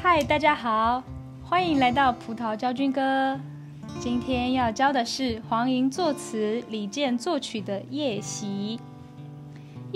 嗨，Hi，大家好，歡迎來到葡萄教軍歌。今天要教的是黃瑩作詞、李健作曲的夜襲《夜襲》。《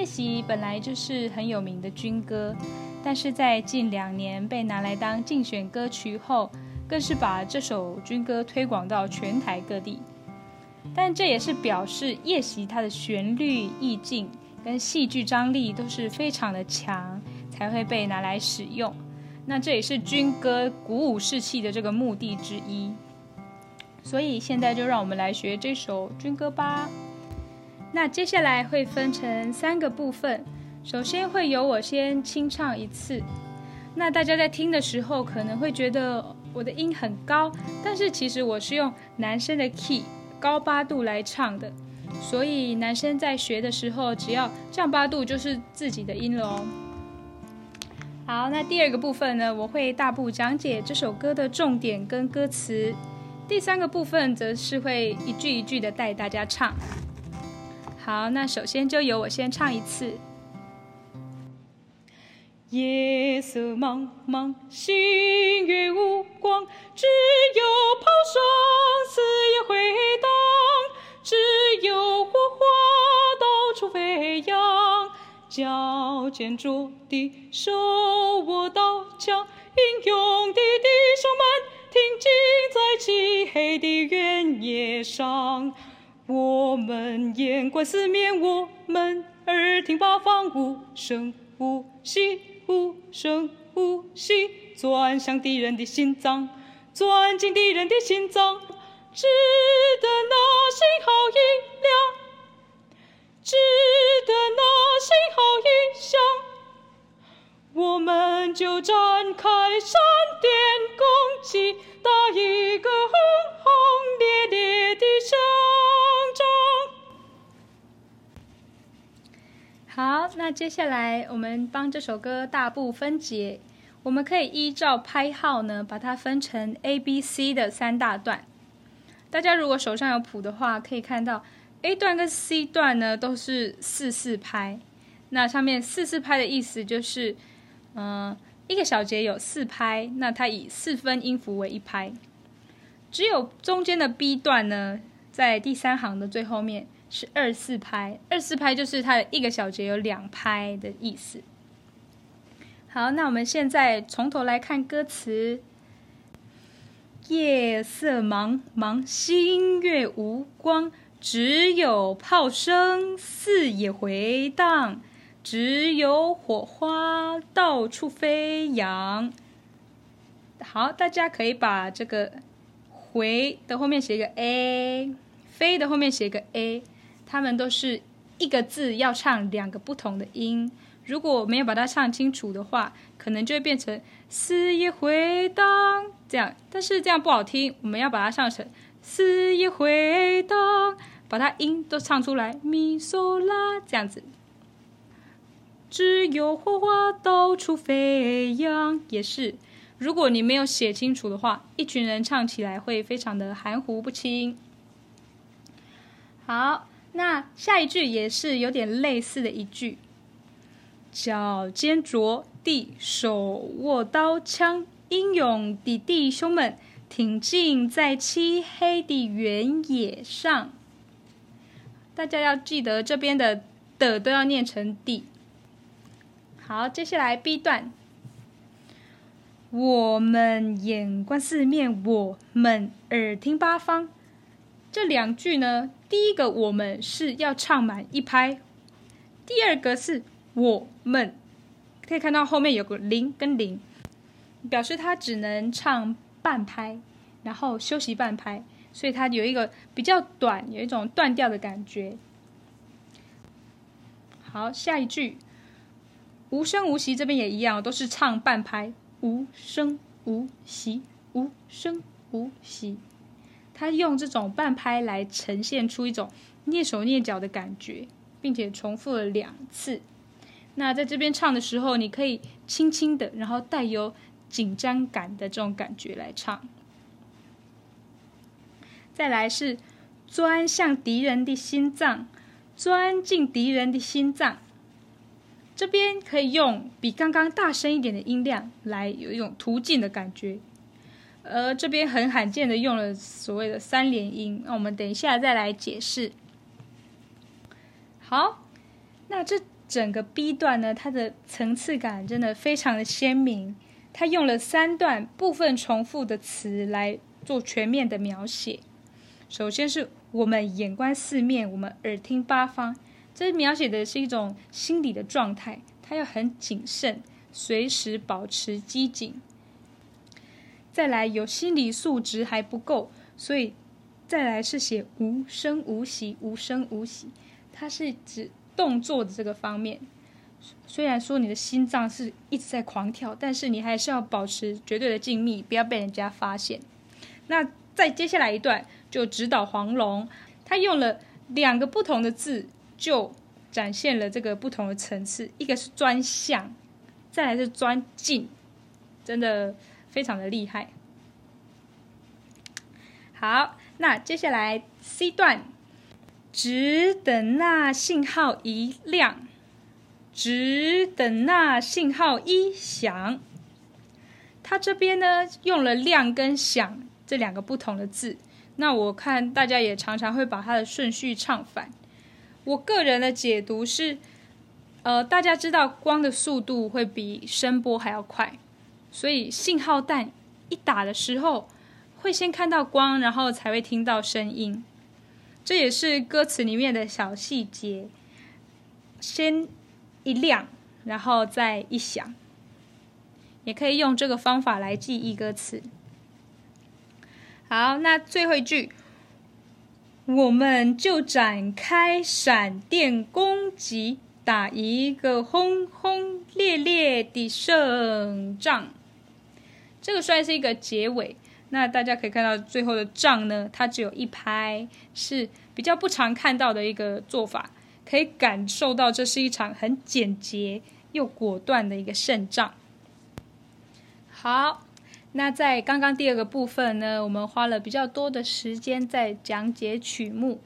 夜襲》本來就是很有名的軍歌，但是在近兩年被拿來當競選歌曲後，更是把這首軍歌推廣到全台各地。但這也是表示夜襲它的旋律意境跟戲劇張力都是非常的強，才會被拿來使用。那這也是軍歌鼓舞士氣的這個目的之一。所以現在就讓我們來學這首軍歌吧。那接下來會分成三個部分，首先會由我先清唱一次。那大家在聽的時候可能會覺得我的音很高，但是其實我是用男生的 key。高八度來唱的，所以男生在學的時候，只要降八度就是自己的音了哦。好，那第二個部分呢，我會大步講解這首歌的重點跟歌詞；第三個部分則是會一句一句的帶大家唱。好，那首先就由我先唱一次。夜色茫茫，星月無光。腳尖着地，手握刀槍，英勇的弟兄們挺進在漆黑的原野上。我們眼觀四面，我們耳聽八方，無聲無息，無聲無息，鑽向敵人的心臟，鑽進敵人的心臟，只等那信號一亮，只等那，信號一響，我們就展開閃電攻擊，打一個轟轟烈烈的勝仗。好，那接下來我們幫這首歌大步分解。我們可以依照拍號呢，把它分成 A、B、C 的三大段。大家如果手上有譜的話，可以看到 A 段跟 C 段呢都是四四拍。那上面四四拍的意思就是，嗯、呃，一個小節有四拍。那它以四分音符為一拍。只有中間的 B 段呢，在第三行的最後面是二四拍。二四拍就是它的一個小節有兩拍的意思。好，那我們現在從頭來看歌詞：夜色茫茫，星月無光，只有炮聲四野迴盪。只有火花，到處飛揚。好，大家可以把這個“迴”的後面寫一個 a，“ 飛”的後面寫一個 a，它們都是一個字要唱兩個不同的音。如果我沒有把它唱清楚的話，可能就會變成“四野迴盪”這樣，但是這樣不好聽。我們要把它唱成“四野迴盪”，把它音都唱出來，咪索拉這樣子。只有火花到處飛揚。也是，如果你沒有寫清楚的話，一群人唱起來會非常的含糊不清。好，那下一句也是有點類似的一句：腳尖着地，手握刀槍，英勇的弟兄們挺進在漆黑的原野上。大家要記得，這邊的的都要念成地。好，接下來 B 段，我們眼觀四面，我們耳聽八方。這兩句呢，第一個我們是要唱滿一拍，第二個是我們可以看到後面有個零跟零，表示他只能唱半拍，然後休息半拍，所以他有一個比較短，有一種斷掉的感覺。好，下一句。無聲無息，這邊也一樣，都是唱半拍。無聲無息，無聲無息。他用這種半拍來呈現出一種躡手躡腳的感覺，並且重複了兩次。那在這邊唱的時候，你可以輕輕的，然後帶有緊張感的這種感覺來唱。再來是鑽向敵人的心臟，鑽進敵人的心臟。這邊可以用比剛剛大聲一點的音量來，有一種突進的感覺。而、呃、這邊很罕見的用了所謂的三連音，那我們等一下再來解釋。好，那這整個 B 段呢，它的層次感真的非常的鮮明。它用了三段部分重複的詞來做全面的描寫。首先是我們眼觀四面，我們耳聽八方。這描寫的是一種心理的狀態，他要很謹慎，隨時保持機警。再來，有心理素質還不夠，所以再來是寫無聲無息，無聲無息。它是指動作的這個方面。雖然說你的心臟是一直在狂跳，但是你還是要保持絕對的靜謐，不要被人家發現。那再接下來一段就直搗黃龍，他用了兩個不同的字。就展現了這個不同的層次，一個是鑽向，再來是鑽進，真的非常的厲害。好，那接下來 C 段，只等那信號一亮，只等那信號一響。它這邊呢，用了“亮”跟“響”這兩個不同的字，那我看大家也常常會把它的順序唱反。我個人的解讀是，呃，大家知道光的速度會比聲波還要快，所以信號彈一打的時候，會先看到光，然後才會聽到聲音。這也是歌詞裡面的小細節，先一亮，然後再一響。也可以用這個方法來記憶歌詞。好，那最後一句。我們就展開閃電攻擊，打一個轟轟烈烈的勝仗。這個算是一個結尾。那大家可以看到，最後的仗呢，它只有一拍，是比較不常看到的一個做法。可以感受到，這是一場很簡潔又果斷的一個勝仗。好。那在剛剛第二個部分呢，我們花了比較多的時間在講解曲目，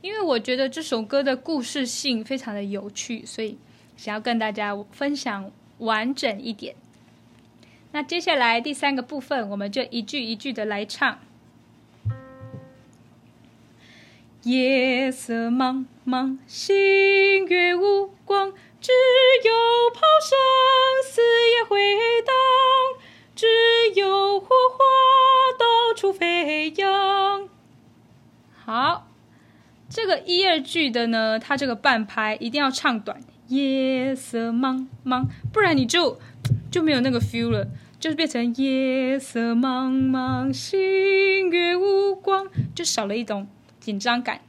因為我覺得這首歌的故事性非常的有趣，所以想要跟大家分享完整一點。那接下來第三個部分，我們就一句一句的來唱。夜色茫茫，星月無光，只有炮聲四野迴盪。飛揚， 好，這個一二句的呢，它這個半拍一定要唱短，夜色茫茫，不然你就就沒有那個 feel 了，就是變成夜色茫茫，星月無光，就少了一種緊張感。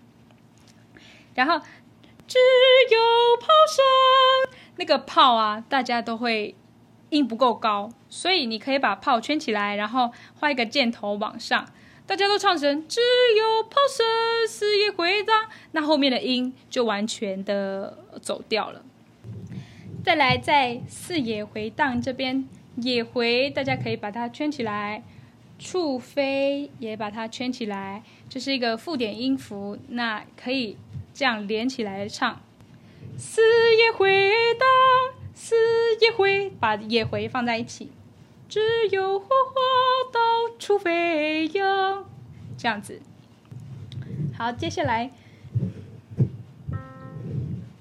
然後只有炮聲，那個炮啊，大家都會音不夠高。所以你可以把“炮”圈起來，然後畫一個箭頭往上。大家都唱成“只有炮聲四野回蕩”，那後面的音就完全的走掉了。再來，在“四野回蕩”這邊，“野回”大家可以把它圈起來，“處飛”也把它圈起來，這、就是一個附點音符，那可以這樣連起來唱：“四野回蕩，四野回”，把“野回”放在一起。只有火花，到處飛揚，這樣子。好，接下來，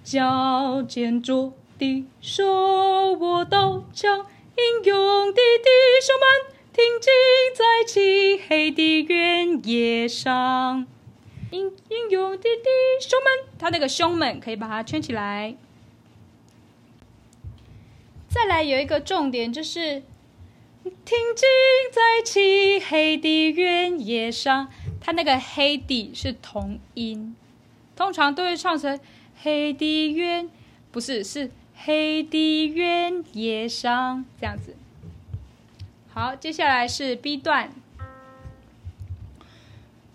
腳尖着地， 的手握刀槍，英勇的弟兄們，挺進在漆黑的原野上。英英勇的弟兄們，他那個兄們，可以把它圈起來。再來有一個重點就是。挺進在漆黑的原野上，它那個黑底是同音，通常都會唱成黑的原，不是是黑的原野上這樣子。好，接下來是 B 段，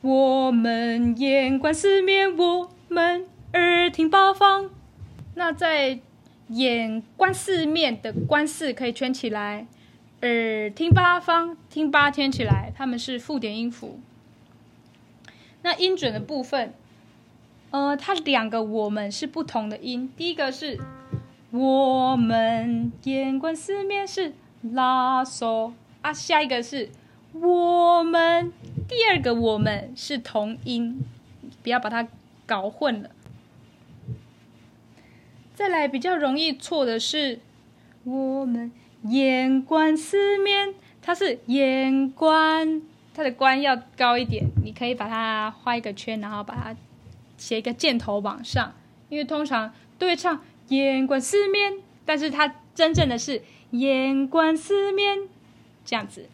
我們眼觀四面，我們耳聽八方。那在眼觀四面的觀四可以圈起來。呃，聽八方，聽八天起來，他們是附點音符。那音準的部分，呃，它兩個我們是不同的音。第一個是“我們”，眼觀四面是“拉索”，啊，下一個是我們，第二個我們是同音，不要把它搞混了。再來比較容易錯的是“我們”。眼觀四面，它是眼觀，它的觀要高一點。你可以把它畫一個圈，然後把它寫一個箭頭往上，因為通常都會唱眼觀四面，但是它真正的是眼觀四面這樣子。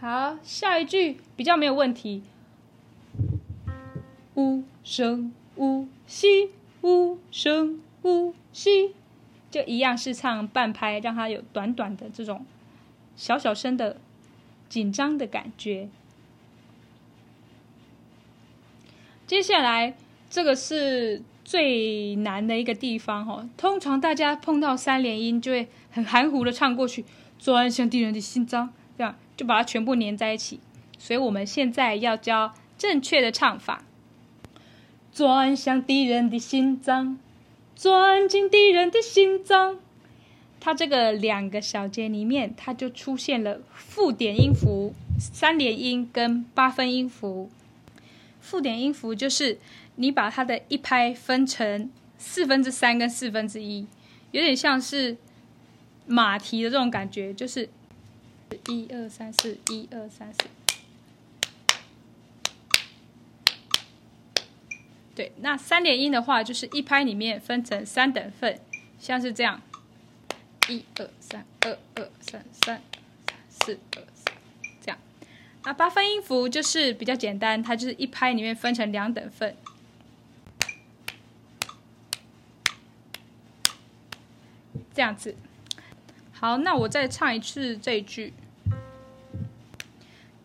好，下一句比較沒有問題。無聲無息，無聲無息。就一樣是唱半拍，讓它有短短的這種小小聲的緊張的感覺。接下來這個是最難的一個地方哦，通常大家碰到三連音就會很含糊的唱過去，鑽向敵人的心臟，這樣就把它全部粘在一起。所以我們現在要教正確的唱法，鑽向敵人的心臟。鑽進敵人的心臟。它這個兩個小節裡面，它就出現了附點音符、三連音跟八分音符。附點音符就是你把它的一拍分成四分之三跟四分之一，有點像是馬蹄的這種感覺，就是一二三四，一二三四。對，那三連音的話，就是一拍裡面分成三等份，像是這樣，一二三，二二三三,三，四二三，這樣。那八分音符就是比較簡單，它就是一拍裡面分成兩等份，這樣子。好，那我再唱一次這一句，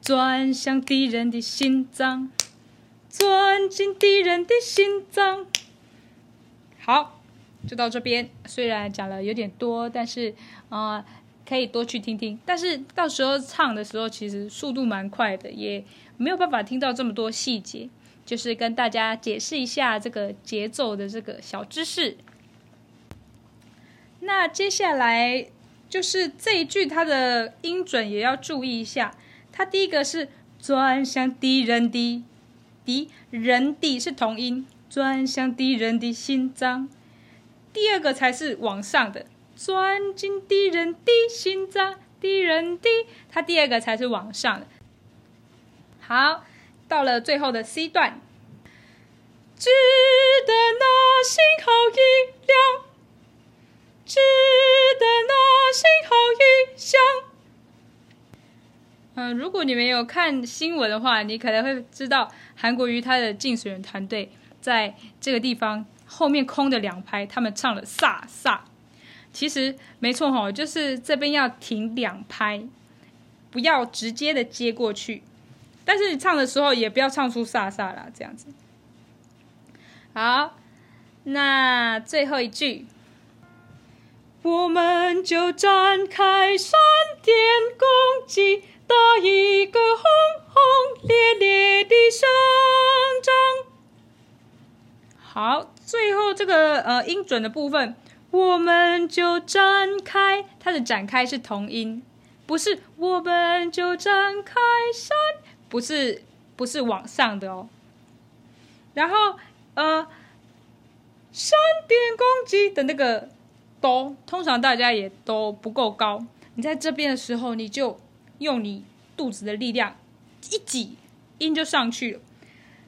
鑽向敵人的心臟。鑽進敵人的心臟。好，就到這邊。雖然講了有點多，但是啊、呃，可以多去聽聽。但是到時候唱的時候，其實速度蠻快的，也沒有辦法聽到這麼多細節。就是跟大家解釋一下這個節奏的這個小知識。那接下來就是這一句，它的音準也要注意一下。它第一個是鑽向敵人的。敵人的，是同音，鑽向敵人的心臟。第二個才是往上的，鑽進敵人的心臟。敵人的他第二個才是往上的。好，到了最後的 C 段，只等那信號一亮，只等那信號一響。嗯，如果你沒有看新聞的話，你可能會知道。韓國瑜他的競選團隊在這個地方後面空的兩拍，他們唱了“颯颯”，其實沒錯吼，就是這邊要停兩拍，不要直接的接過去。但是你唱的時候也不要唱出“颯颯”啦，這樣子。好，那最後一句，我們就展開閃電攻擊，打一個轟。烈烈的勝仗。好，最後這個呃音準的部分，我們就展開。它的展開是同音，不是。我們就展開閃，不是，不是往上的哦。然後呃，閃電攻擊的那個哆，通常大家也都不夠高。你在這邊的時候，你就用你肚子的力量。一擠音就上去了，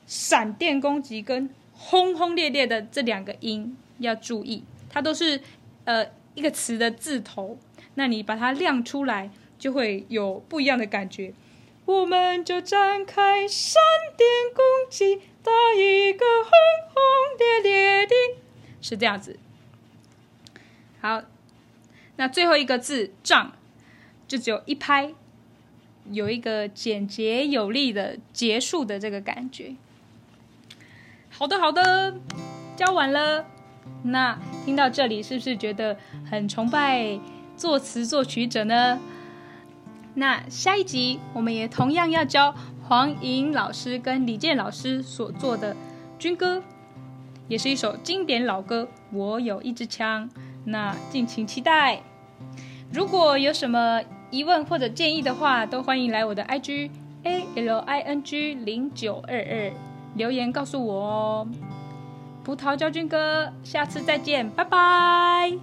閃電攻擊跟轟轟烈烈的這兩個音要注意，它都是呃一個詞的字頭，那你把它亮出來，就會有不一樣的感覺。我們就展開閃電攻擊，打一個轟轟烈烈的，是這樣子。好，那最後一個字仗，就只有一拍。有一個簡潔有力的結束的這個感覺。好的，好的，教完了。那聽到這裡，是不是覺得很崇拜作詞作曲者呢？那下一集我們也同樣要教黃瑩老師跟李健老師所做的《軍歌》，也是一首經典老歌《我有一支槍》那。那敬請期待。如果有什麼，疑問或者建議的話，都歡迎來我的 IG A L I N G 零九二二留言告訴我哦。葡萄教軍歌，下次再見，拜拜。